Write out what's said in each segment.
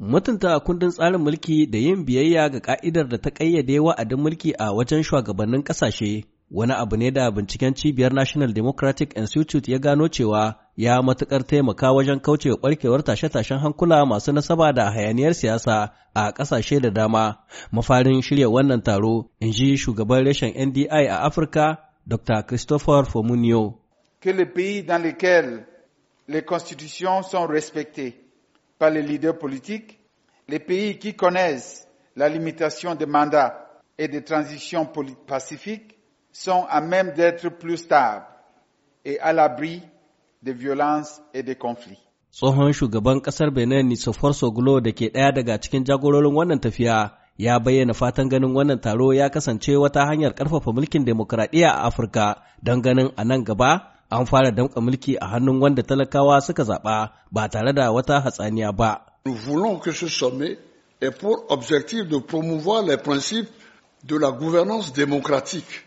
Mutunta kundin tsarin mulki da yin biyayya ga ka'idar da ta ƙayyade wa'adin mulki a wajen shugabannin ƙasashe wani abu ne da binciken cibiyar National Democratic Institute ya gano cewa ya matuƙar taimaka wajen kaucewa ɓarkewar tashe-tashen hankula masu nasaba da hayaniyar siyasa a ƙasashe da dama. Mafarin shirya wannan taro, in ji shugaban reshen NDI a Afirka, Dr. Christopher Fomunio. Que les pays dans les constitutions sont respectées par les leaders politiques, les pays qui connaissent la limitation des mandats et des transitions pacifiques sont à même d'être plus stables et à l'abri des violences et des conflits. Tsohon shugaban kasar Benin Nisofor Soglo da ke ɗaya daga cikin jagororin wannan tafiya ya bayyana fatan ganin wannan taro ya kasance wata hanyar ƙarfafa mulkin demokuraɗiyya a Afirka don ganin a nan gaba an fara damƙa mulki a hannun wanda talakawa suka zaɓa ba tare da wata hatsaniya ba. Nous voulons que ce sommet ait pour objectif de promouvoir les principes de la gouvernance démocratique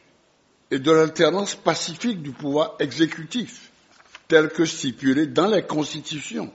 et de l'alternance pacifique du pouvoir exécutif, tel que stipulé dans les constitutions.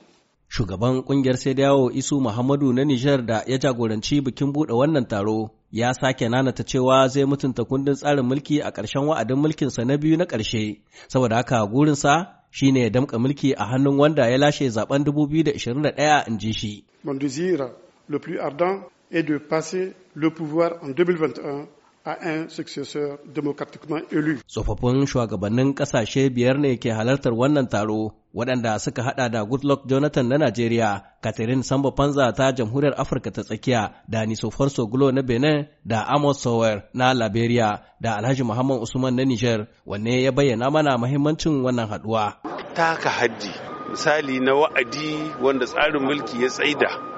Shugaban kungiyar sai dawo Isu Muhammadu na Niger da ya jagoranci bikin buɗe wannan taro ya sake nanata cewa zai mutunta kundin tsarin mulki a ƙarshen wa'adin mulkinsa na biyu na ƙarshe, saboda haka gurinsa shi ne ya damƙa mulki a hannun wanda ya lashe zaben 2021 in ji shi. Mon désir le plus ardent est de passer le pouvoir en 2021 a un successeur démocratiquement élu. Tsofaffin shugabannin kasashe biyar ne ke halartar wannan taro waɗanda suka hada da Goodluck Jonathan na Najeriya, Catherine Samba Panza ta Jamhuriyar Afirka ta Tsakiya, da Nisofar Soglo na Benin, da Amos Sower na Liberia, da Alhaji Muhammad Usman na Niger, wanne ya bayyana mana muhimmancin wannan haɗuwa. Taka haddi misali na wa'adi wanda tsarin mulki ya tsaida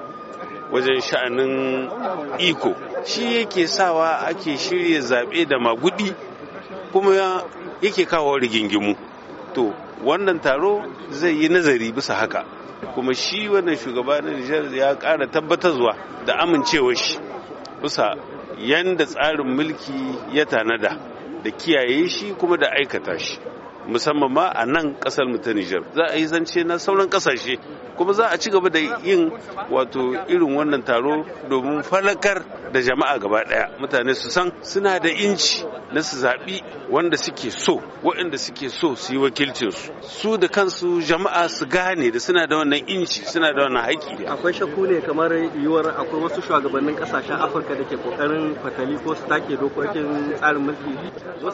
wajen sha'anin iko shi yake sawa ake shirya zaɓe da magudi kuma yake kawo rigingimu to wannan taro zai yi nazari bisa haka kuma shi wannan shugaba na nijar ya ƙara tabbatarwa da amincewa shi bisa yanda tsarin mulki ya tanada da kiyaye shi kuma da aikata shi musamman ma a nan kasar mu ta Nijar za a yi zance na sauran kasashe kuma za a ci gaba da yin wato irin wannan taro domin falakar da jama'a gaba daya mutane su san suna da inci na su zaɓi wanda suke so waɗanda suke so su yi wakilcin su su da kansu jama'a su gane da suna da wannan inci suna da wannan haƙƙi akwai shakku ne kamar yiwuwar akwai wasu shugabannin kasashen afirka da ke kokarin fatali ko su take dokokin tsarin mulki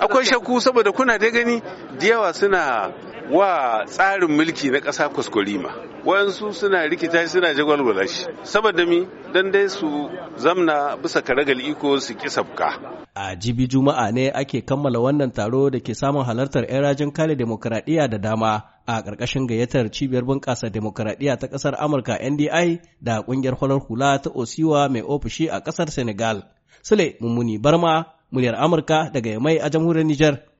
akwai shakku saboda kuna da gani da yawa yawa suna wa tsarin mulki na ƙasa kuskurima wayansu suna rikita suna jagwalgwala shi saboda mi dan dai su zamna bisa karagal iko su ki sabka a jibi juma'a ne ake kammala wannan taro da ke samun halartar 'yan rajin kare demokuraɗiyya da dama a ƙarƙashin gayyatar cibiyar bunƙasa demokuraɗiyya ta ƙasar amurka ndi da ƙungiyar horar hula ta osiwa mai ofishi a ƙasar senegal sule mummuni barma muryar amurka daga Yamai a jamhuriyar Nijar.